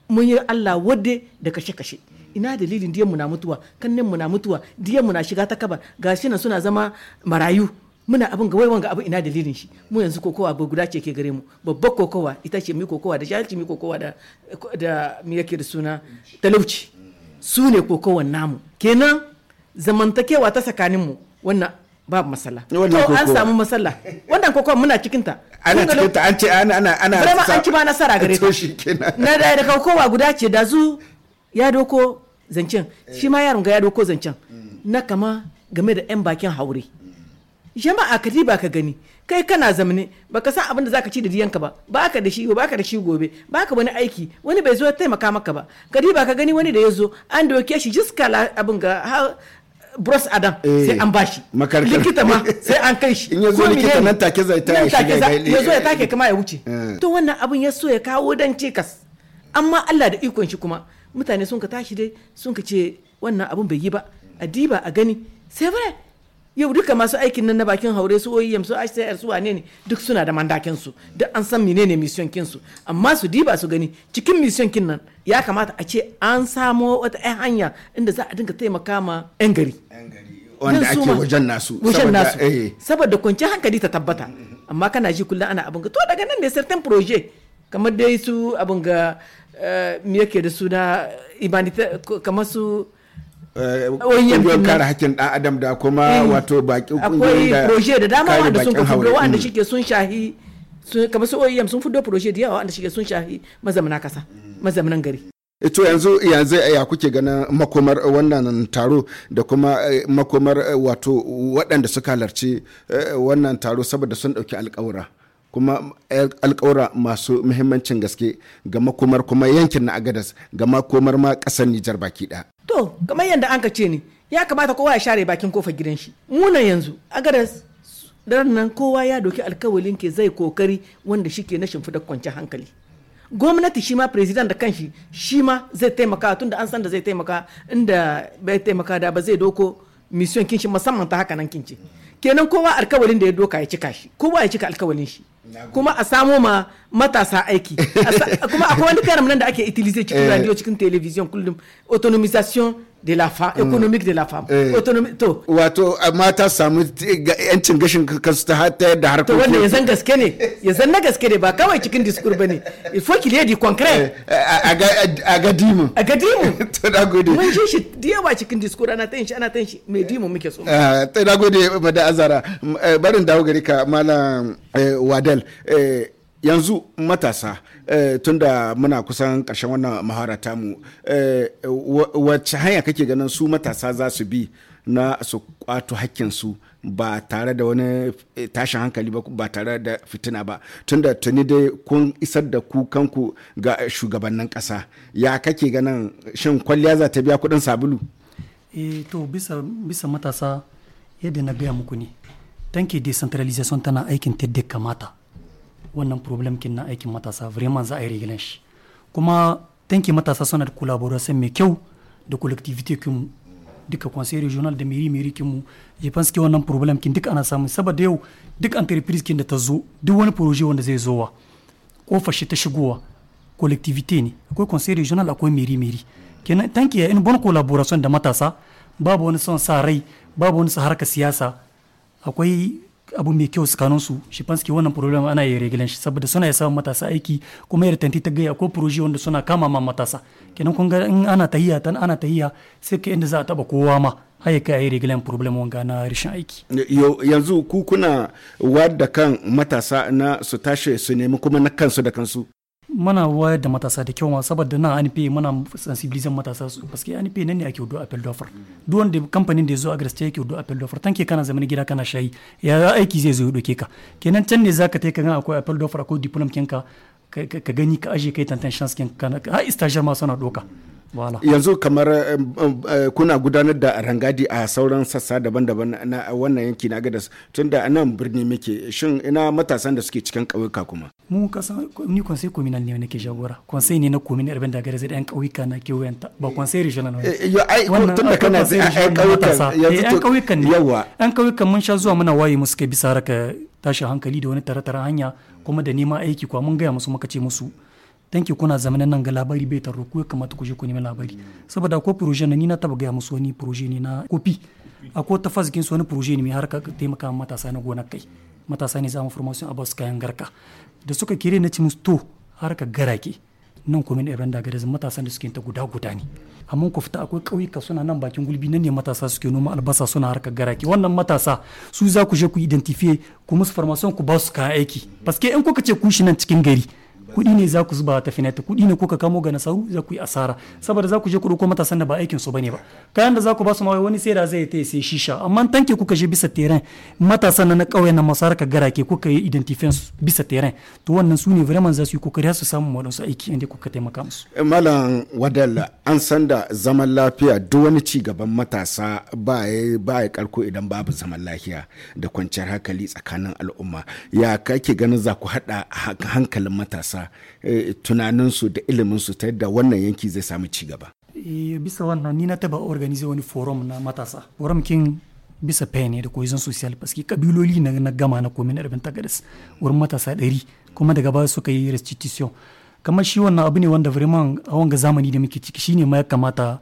mun yi Allah wadde da kashe-kashe ina dalilin diyan mu na mutuwa kannin mu na mutuwa diyan mu na shiga ta kabar gashi nan suna zama marayu muna abin ga waiwan ga abu ina dalilin shi mu yanzu kokowa ba guda ce ke gare mu babbar kokowa ita ce mi kokowa da jahilci mi kokowa da da mi yake da suna talauci su ne kokowan namu kenan zamantakewa ta tsakanin mu wannan babu masala to an samu masala wannan kokowa muna cikin ta ana cikin ta an ce ana ana ana an ci ba nasara gare ta na da kokowa guda ce da zu ya doko zancen eh. shi ma yaron ga ya doko zancen na kama game da 'yan bakin haure jama'a ka ba ka gani kai kana zamani baka san abin da zaka ci da diyanka ba baka da shi baka da shi gobe baka wani aiki wani bai zo ya taimaka maka ba ka ba ka gani wani da ya zo an doke shi jiska abin ga bros adam eh, sai an bashi likita ma sai an kai shi in ya zo likita nan take zai ta shi ya zo ya eh, take kama ya wuce to wannan abin ya so ya kawo dan cikas amma Allah da ikon shi kuma mutane sun ka tashi dai sun ka ce wannan abun bai yi ba a diba a gani sai vrai yau duka masu aikin nan na bakin haure su oyiyam e su HCR su wane ne duk suna da mandakin su duk an san ne mission kin su amma su diba su gani cikin mission kin nan ya kamata a ce an samo wata ɗan hanya inda za a dinga taimaka ma 'yan gari wanda ake wajen nasu wajen nasu eh. saboda kwanciyar hankali ta tabbata amma kana ji kullum ana abin to daga nan ne certain projet kamar dai su abin ga Eh, me yake da suna imanita kamar su ƙungiyar eh, kare hakkin ɗan adam da kuma eh, wato baƙin ƙungiyoyin da akwai da dama wanda sun kafa wanda mm. shike sun shahi kamar su OEM sun fudo proje da yawa wanda shike sun shahi mazamana kasa mazamanan gari to yanzu yanzu ya kuke ganin makomar wannan taro da kuma makomar wato waɗanda suka halarci wannan taro saboda sun ɗauki alƙawura kuma eh, alkawura masu muhimmancin gaske ga makomar kuma yankin na agadas ga makomar ma kasar nijar baki daya to kamar yadda an ka ce ni ya kamata kowa ya share bakin kofar gidan shi munan yanzu agadas daren nan kowa ya doki alkawalin ke zai kokari wanda shi ke na shimfidar kwanciyar hankali gwamnati shi ma president da kanshi shi ma zai taimaka tunda an san da zai taimaka inda bai taimaka da ba zai doko mission kinshi musamman ta haka nan kinci kenan kowa alkawalin da ya doka ya cika shi kowa ya cika alkawalin shi kuma a samo ma matasa aiki kuma akwai wani karam nan da ake utilize cikin eh. radio cikin television kullum autonomisation de la femme mm. économique de la femme eh. autonomy to wato mata samu yancin gashin kansu ta hata da harkokin to wannan yanzan gaske ne yanzan na gaske ne ba kawai cikin discours bane il faut qu'il y ait du concret eh, a ga dimu a ga dimu to da gode mun ji shi da yawa cikin discours ana tayin shi ana tayin shi me dimu muke so eh, to da gode da azara barin dawo gari ka malam wadal yanzu matasa eh, tunda muna kusan ƙarshen wannan mahara tamu eh, wacce hanya kake ganin su matasa za su bi na su kwato hakkinsu ba tare da wani eh, tashin hankali ba tare da fitina ba tunda tuni dai kun isar da ku kanku ga shugabannin kasa ya kake ganin shin kwalliya za ta biya kuɗin sabulu e to bisa, matasa yadda na gaya muku ne tanki decentralization tana aikin ta kamata wannan problem kin na aikin matasa vraiment za a yi regilan shi kuma tanki matasa suna da collaboration mai kyau da collectivity kin duka conseil regional da miri miri kin mu je fanske wannan problem kin duka ana samu saboda yau duk entreprise kin da ta zo duk wani projet wanda zai zowa kofar shi ta shigowa collectivity ne akwai conseil regional akwai miri miri kenan tanki ya in bon collaboration da matasa babu wani son sa rai babu wani sa harka siyasa akwai abu mai kyau tsakanin su shi fanski wannan problem ana yi regilan shi saboda suna ya matasa aiki kuma yar tanti ta gaya ko proje wanda suna kama ma matasa kenan kun ga in ana tahiya tan ana tahiya sai ka inda za a taba kowa ma haye ka yi regilan problem wanga na rashin aiki yanzu ku kuna wadda kan matasa na su tashi su nemi kuma na kansu da kansu muna wayar da matasa da kyau saboda nan ANP muna sensibilizan matasa su paske ANP nan ne ake do appel d'offer duk wanda kamfanin da ya zo a gaskiya yake do appel d'offer tanke kana zaman gida kana shayi ya aiki zai zo ya doke ka kenan can ne zaka tai ka ga akwai appel d'offer akwai diplom kinka ka gani ka aje kai tantan chance kinka ha stagiaire ma suna doka yanzu kamar eh, eh, eh, kuna gudanar da rangadi a sauran sassa daban-daban na wannan yanki na gadas tun da nan birni muke shin ina matasan da suke cikin ƙauyuka kuma mu kasan ni konsai communal ne nake jagora konsai ne na communal urban da zai ɗan ƙauyuka na kewayenta ba konsai regional ne tun da kana zai ƙauyukan yanzu ƙauyukan ne yawa ɗan ƙauyukan mun sha zuwa muna waye musu kai bisa haraka tashi hankali da wani tare-taren hanya kuma da neman aiki kuwa mun gaya musu muka ce musu danki kuna zamanin nan ga labari bai taro ku ya kamata ku je ku nemi labari saboda ko proje na ni na taba gaya musu wani proje ne na kofi akwai ta fazikin su wani proje ne mai harka taimaka matasa na gonar kai matasa ne zamu formation a basu kayan garka da suka kire na ci musu to harka garake nan kuma ne da matasa matasan da suke ta guda guda ne amma ku fita akwai ƙauyuka suna nan bakin gulbi nan ne matasa suke noma albasa suna harkar garake wannan matasa su za ku je ku identify ku musu formation ku ba su kayan aiki paske in kuka ce ku shi nan cikin gari kuɗi ne za ku zuba ta finata kuɗi ne kuka kamo ga nasaru za ku yi asara saboda za ku je ku ɗauko matasan da ba aikin su bane ba kayan da za ku ba su ma wani sai da zai taya sai shisha amma tanke kuka je bisa teren matasan na ƙauyen na masu gara garake kuka yi identifiyan su bisa teren to wannan su ne vraiment za su yi kokari su samu waɗansu aiki inda kuka taimaka musu. Eh, malam wadal an san da zaman lafiya duk wani ci gaban matasa ba ya karko idan babu zaman lafiya da kwanciyar hankali tsakanin al'umma ya kake ganin za ku haɗa hankalin matasa Eh, tunaninsu da iliminsu ta yadda wannan yanki zai samu ci gaba. Eh, bisa wannan ni na taba organize wani forum na matasa forum kin bisa pene ne da cohesion social paski kabiloli na, na gama na komin arabin tagadas wurin matasa ɗari kuma daga baya suka yi restitution kamar shi wannan abu ne wanda vraiment a wanga zamani da muke ciki shine ma ya kamata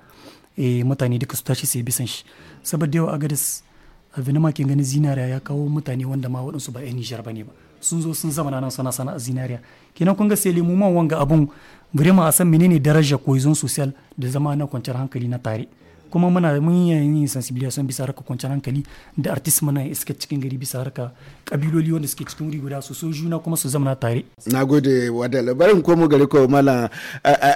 eh, mutane duka su tashi sai bisan shi saboda yau agadis abin ma kin ganin zinariya ya kawo mutane wanda ma waɗansu ba 'yan nijar ba ne ba sun zo sun zama nan suna sana'a zinariya kenan kun ga sai man wanga abun birema a san menene darajar cohesion social da zama na kwanciyar hankali na tare kuma muna mun yin sensibilisation bisa harka kwanciyar hankali da artist muna iska cikin gari bisa harka kabiloli wanda suke cikin wuri guda su so juna kuma su zamana tare na gode wadda labarin komo gari ko mala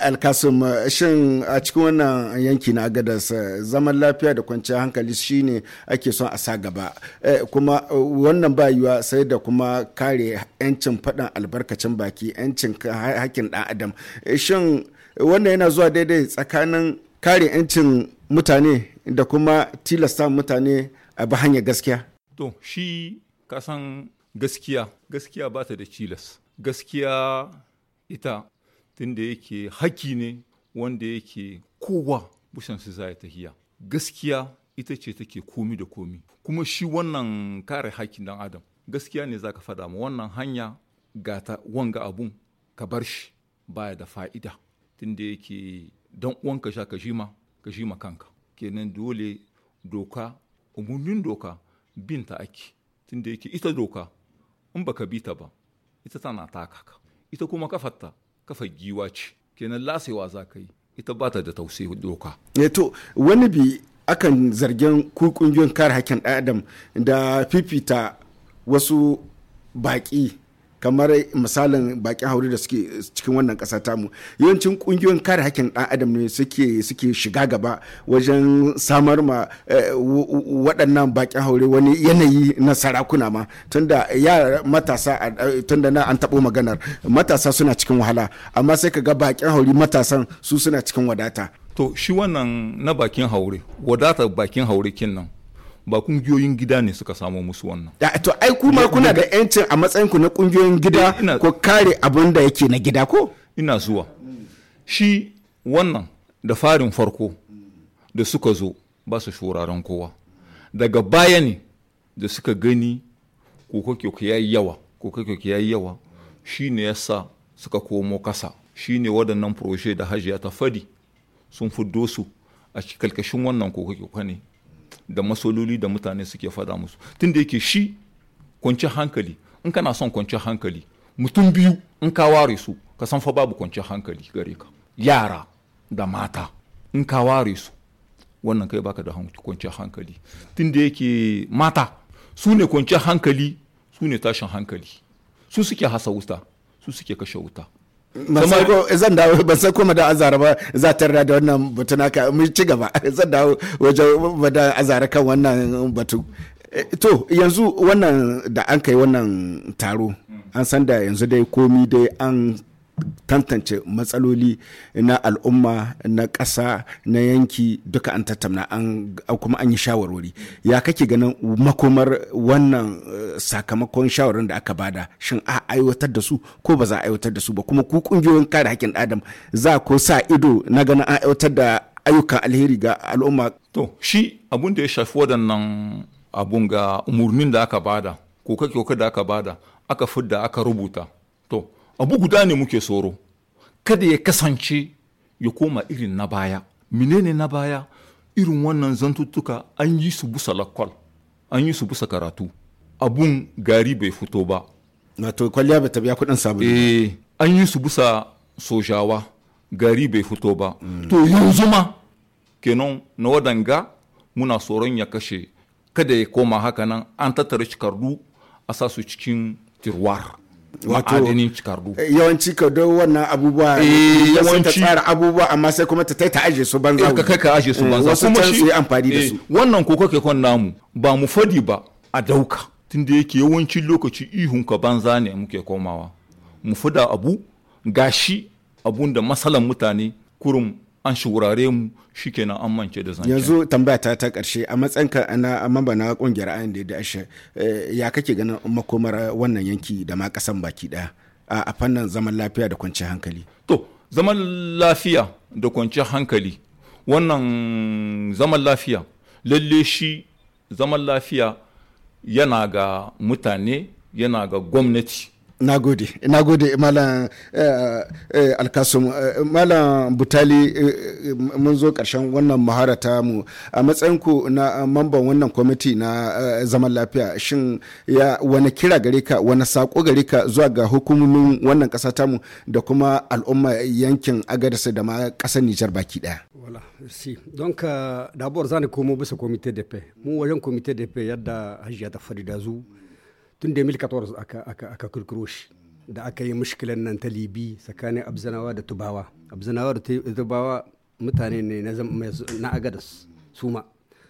alkasum shin a cikin wannan yanki na agadas zaman lafiya da kwanciyar hankali shine ake son a sa gaba eh, kuma wannan ba yiwa sai da kuma kare 'yancin faɗin albarkacin baki 'yancin hakkin ɗan adam eh, shin wannan yana zuwa daidai tsakanin kare 'yancin mutane da kuma tilasta mutane a bi hanyar gaskiya? To, shi kasan gaskiya, gaskiya ba ta da tilas Gaskiya ita tun da yake haki ne wanda yake kowa bushan su za tahiya. Gaskiya ita ce take komi da komi. Kuma shi wannan kare hakin dan Adam, gaskiya ne za ka faɗa ma wannan hanya gata wanga abun ka bar shi baya da fa'ida. Tunda yake don uwanka sha ka jima ka kanka kenan dole doka umarnin doka bin binta ake tunda yake ita doka in ba ka bi ta ba ita tana taka ka ita kuma kafarta kafar giwa ce kenan lasewa za ka yi ita ba ta da tausayi doka eh to wani bi akan zargin ku kungiyoyin kare hakkin adam da fifita wasu baƙi kamar misalin bakin hauri da suke cikin wannan ƙasa tamu yawancin ƙungiyoyin kare hakkin ɗan adam ne suke suke shiga gaba wajen samar ma eh, waɗannan bakin hauri wani yanayi na sarakuna ma tunda yara matasa eh, tunda na an taɓo maganar matasa suna cikin wahala amma sai ka ga bakin hauri matasan su suna cikin wadata to shi wannan na bakin haure wadatar bakin haure kin nan ba kungiyoyin gida ne suka samo musu wannan to ai kuma kuna da yancin a matsayin ku na kungiyoyin gida eh, ko kare abin da yake na gida ko ina zuwa shi wannan da farin farko da suka zo ba su shuraren kowa daga baya ne da suka gani kokoki ya yawa kokoki ya yi yawa shi ne yasa suka komo kasa shi ne waɗannan proje da hajiya ta fadi sun fuddo su a karkashin wannan kokoki ne da masololi da mutane suke faɗa musu tun da yake shi kwanci hankali in kana son kwanci hankali mutum biyu in ka ware su ka san fa babu kwanci hankali gare ka yara da mata in ka ware su wannan kai baka da kwanci hankali tun da yake mata su ne kwanci hankali su ne tashin hankali su suke hasa wuta su suke kashe wuta Eh, zan dawo ban san kuma da azara ba za ta da wannan batu naka mu ci gaba zan dawo wajen da azara kan wannan batu eh, to yanzu wannan da an kai wannan taro an san da yanzu dai komi dai an tantance matsaloli na al'umma na ƙasa na yanki duka an tattauna an kuma an yi shawarwari ya kake ganin makomar wannan eh, sakamakon shawarin da aka bada shin a aiwatar da su ko ba za a aiwatar da su ba kuma ku kungiyoyin kare haƙƙin adam za ko sa ido na ganin an aiwatar da ayyukan alheri ga al'umma to shi abun da ya shafi waɗannan abun ga umurnin da aka bada koke-koke da aka bada aka fidda aka rubuta abu guda ne muke tsoro kada ya kasance ya koma irin na baya menene na baya irin wannan zantuttuka an yi su busa lakwal an yi su busa karatu abun gari bai fito ba to kwalliya ba ta biya kudin sabulu eh an yi su busa sojawa gari bai fito ba to yanzu ma kenan na wadanga muna tsoron ya kashe kada ya koma haka nan an tattara cikardu a sa su cikin tirwar adinin cikardu eh, yawanci ka do wannan abubuwa eh, yawanci ta tsara abubuwa amma sai kuma ta ta aje su banza eh, ka kai ka aje su banza wasu can su amfani da su wannan ko kake kon namu ba mu fadi ba a dauka tunda yake yawanci lokaci ihun ka banza ne muke komawa mu fada abu gashi abun da masalan mutane kurum an shurare mu shikenan an mance da zancen yanzu tambaya ta ta karshe a matsayinka ana na kungiyar ayin da ashe eh, ya kake ganin makomar wannan yanki da ma kasan baki daya a fannin zaman lafiya da kwanciyar hankali to zaman lafiya da kwanciyar hankali wannan zaman lafiya lalle shi zaman lafiya yana ga mutane yana ga gwamnati na gode na gode malam eh, eh, alkasum eh, malam butali mun zo karshen wannan mahara ta mu a matsayinku na mamban wannan kwamiti na zaman lafiya shin ya wani kira gare ka wani sako gare ka zuwa ga hukumomin wannan kasa ta mu da kuma al'umma yankin agadasa da ma kasar nijar baki daya wala si don ka euh, dabuwar zani komo bisa kwamite da mu wajen de da yadda hajiya ta farida zu tun 2014 aka aka aka kirkiro shi da aka yi mushkilan nan ta libi tsakanin abzanawa da tubawa abzanawa da tubawa mutane ne na agadas su ma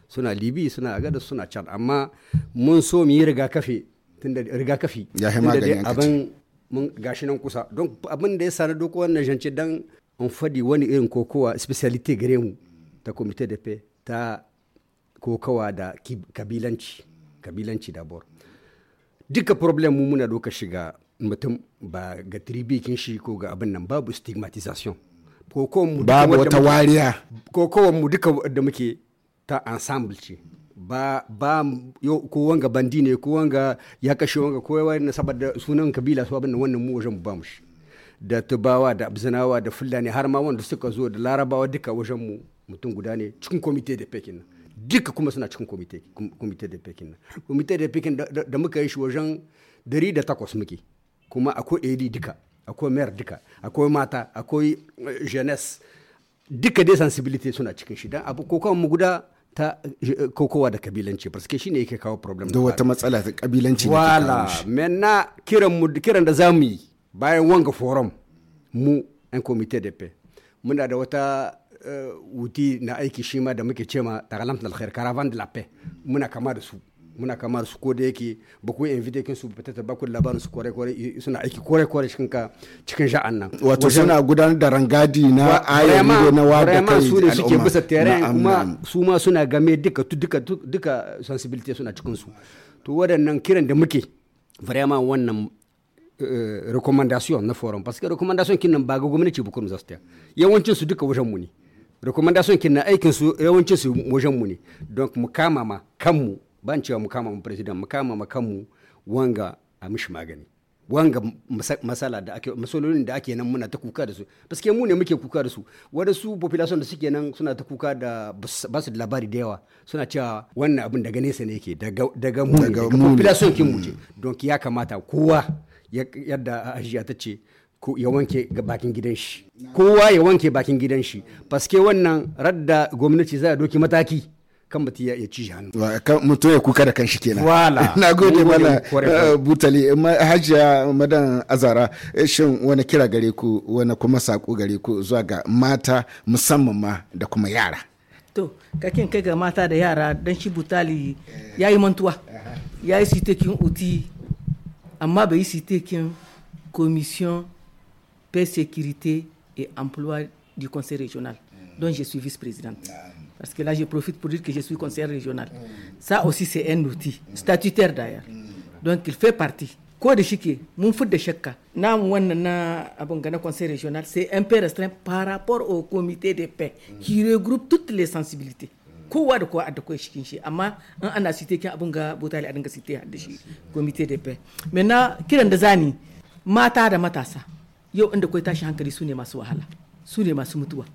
suna libi suna agadas suna chad amma mun so mu yi rigakafi tunda rigakafi tunda dai abin mun gashi nan kusa don abin da ya sani duk wannan jance dan an fadi wani irin kokowa speciality gare mu ta komite de pe ta kokowa da kabilanci kabilanci dabor duka problem mu muna doka shiga mutum ba ga tribikin shi ko ga abin nan babu stigmatization babu wata wariya kokowar mu duka da muke ta ensemble ce ba ba ko wanga bandi ne ko wanga ya kashe wanga ko wani saboda sunan kabila su abin wannan mu wajen ba mu shi da tubawa da abzinawa da fulani har ma wanda suka zo da larabawa duka wajen mu mutum guda ne cikin komite da pekin duka kuma suna cikin komite da pekin nan komite da pekin da muka yi shi wajen dari da takwas muke kuma akwai ad duka akwai mayar duka akwai mata akwai eh, jeunesse duka dai sensibility suna cikin shi don abu ko mu guda ta eh, kokowa da kabilanci parce ne yake kawo problem da wata matsala ta kabilanci wala menna kiran mu kiran da zamu yi bayan wanga forum mu yan comité de pe muna da wata Eh, wuti na aiki shi ma da muke cema tagalamt alkhair caravan de la paix muna kama da su muna kama da su ko da yake ba ku invite kin su fita ba ku labarin su kore kore suna aiki kore kore cikin ka cikin sha'an nan wato suna gudanar da rangadi na ayyuka na wada kai su ne suke bisa terrain kuma su ma suna game duka duka duka sensibility suna cikin su to waɗannan kiran da muke vraiment wannan eh, recommendation na forum parce que recommendation kin nan ba ga gwamnati ba kuma za su yawancin su duka wajen mu ne recommendation kin na aikin su yawancin su wajen mu ne don mu kama ma kanmu ban cewa mu kama mu president mu kama ma kanmu wanga a mishi magani wanga masala da ake masalolin da ake nan muna ta kuka da su baske mu ne muke kuka da su wanda su population da suke nan suna ta kuka da ba su da labari da yawa suna cewa wannan abin daga nesa ne yake daga mu ne daga population kin mu ce mm. don ya kamata kowa yadda ajiya ta ce ya wanke bakin gidan shi kowa ya wanke bakin gidan shi paske wannan radda gwamnati za a doki mataki kan mutum ya ci hannu. kan mutum ya kuka da kanshi kenan. Wala. Na gode mana eh, Butali Hajiya Madan Azara eh, shin wani kira gare ku wani kuma sako gare ku zuwa ga mata musamman ma da kuma yara. To kakin kai ga mata da yara dan shi Butali ya yi mantuwa ya yi sitekin uti amma bai yi sitekin commission paix, sécurité et emploi du conseil régional, mm. dont je suis vice-présidente. Mm. Parce que là, je profite pour dire que je suis conseil régional. Mm. Ça aussi, c'est un outil, statutaire d'ailleurs. Donc, il fait partie. Quoi de chiquier, mon foot de chèque, Na na conseil régional, c'est un peu restreint par rapport au comité de paix qui regroupe toutes les sensibilités. Quoi de quoi, de quoi amma in ana ga a dinga site de comité des paix Maintenant, kiran Dazani, mata da matasa yau inda kwai tashi hankali su ne masu wahala su ne masu mutuwa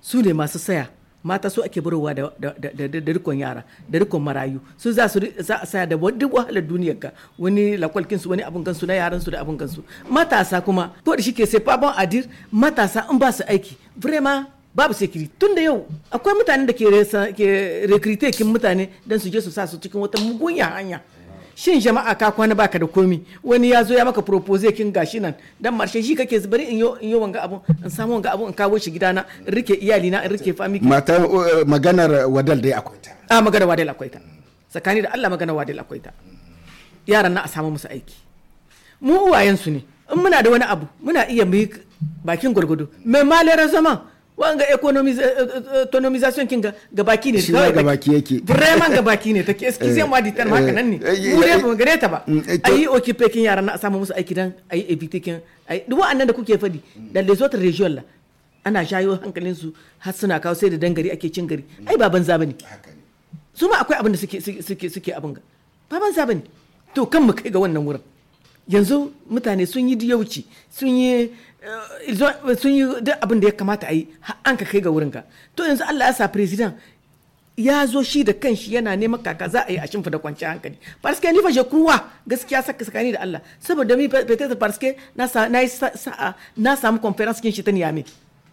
su ne masu saya mata su ake barowa da rikon yara da rikon marayu su za su za a saya da duk wahalar duniyar ka wani lakwalkin su wani abun kansu na yaran su da abun kansu matasa kuma ko da shike sai faban adir matasa in ba su aiki vrema babu sekiri tun da yau akwai mutanen da ke recruiting mutane don su je su sa su cikin wata mugunya hanya shin jama'a ka kwana baka da komi wani ya zo ya maka propose kin gashi nan dan marshe shi kake bari in yo in yo wanga abun in samu wanga abun in kawo shi gidana in rike iyali na in rike family mata maganar wadal dai akwai ta a ah, maganar wadal akwai ta tsakani da Allah maganar wadal akwai ta yaran na a samu musu aiki mu uwayen su ne in muna da wani abu muna iya mu bakin gurgudu mai malera zama wanga economization eh, eh, eh, kinga gabaki ne kawai gabaki yake vraiment gabaki ne take excuse moi dit tellement haka nan ne mu ne ba gare ta ba mm, ayi occupe kin yaran na a samu musu aiki dan ayi evite kin ayi duk wannan da kuke fadi da les autres régions la ana jayo hankalin su har suna kawo sai da dangari ake cin gari mm. ai ba banza bane su ma akwai abin da suke suke suke abin ga ba banza bane to kan mu kai ga wannan wurin yanzu mutane sun yi diyauci sun yi Eh, sun yi duk abin da ya kamata a yi an ka kai ga wurinka to yanzu allah ya sa president ya zo shi da kanshi yana neman kaka za a yi a shimfa da kwanciyar hankali farske ni fa kuwa gaskiya saka sakani da Allah saboda mi peut farske parce que na na na samu conference kin shi ta niyami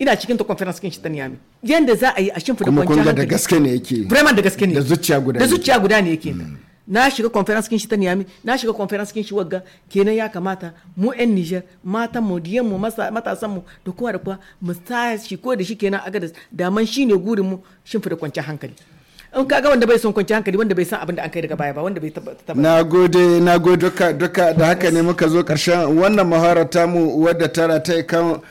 ina cikin ta conference kin shi ta niyami yanda za a yi a shimfa da kwanciyar hankali kuma kun da gaske ne yake vraiment da gaske ne da zuciya guda ne da zuciya guda ne yake hmm. na shiga conference kin shi ta Niyami na shiga conference kin shi wagga kenan ya kamata mu yan Niger matan mu diyan mu matasan mu da kowa da kowa mu shi ko da shi kenan aga da daman shine gurin mu shimfida kwanciyar hankali in kaga wanda bai son kwanciyar hankali wanda bai san abin da an kai daga baya ba wanda bai tabbata na gode na gode duka duka da haka ne muka zo karshen wannan ta mu wadda tara ta kan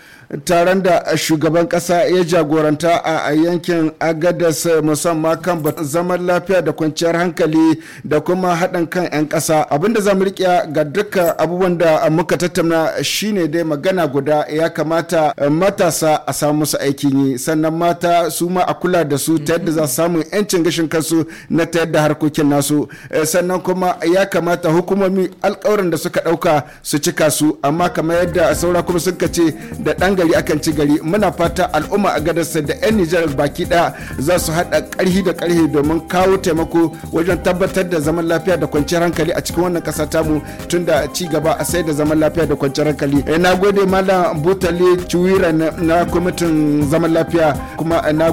taron da shugaban kasa ya jagoranta a yankin agadas musamman kan zaman lafiya da kwanciyar hankali da kuma haɗin kan 'yan ƙasa abinda za mu riƙe ga duka abubuwan da muka tattauna shine dai magana guda ya kamata matasa a samu musu aikin yi sannan mata su ma a kula da su ta yadda za su samu 'yancin gashin kansu na ta yadda harkokin nasu eh, sannan kuma ya kamata hukumomi alkawarin da suka ɗauka su cika su amma kamar yadda saura kuma sun kace da ɗan gari akan ci gari muna fata al'umma a gadarsa da 'yan nijar baki daya za su haɗa karhi da karhi domin kawo taimako wajen tabbatar da zaman lafiya da kwanciyar hankali a cikin wannan kasa tamu tun da ci gaba a sai da zaman lafiya da kwanciyar hankali eh, na gode malam butali chuwira na kwamitin zaman lafiya kuma eh, na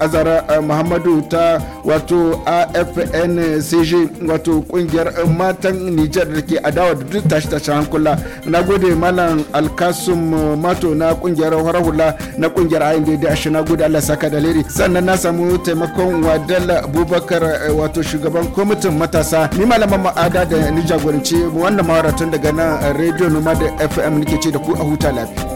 azara eh, muhammadu ta wato afncg wato kungiyar matan nijar da ke adawa da duk tashi-tashi hankula na gode malam alkasum mato na kungiyar horar hula na kungiyar ayin da ashe na gudu Allah saka da leri sannan na samu taimakon wadala abubakar eh, wato shugaban kwamitin matasa ni malaman ma'ada da ni jagoranci wannan mawaratun daga nan eh, radio da fm nake ce da ku a huta lafiya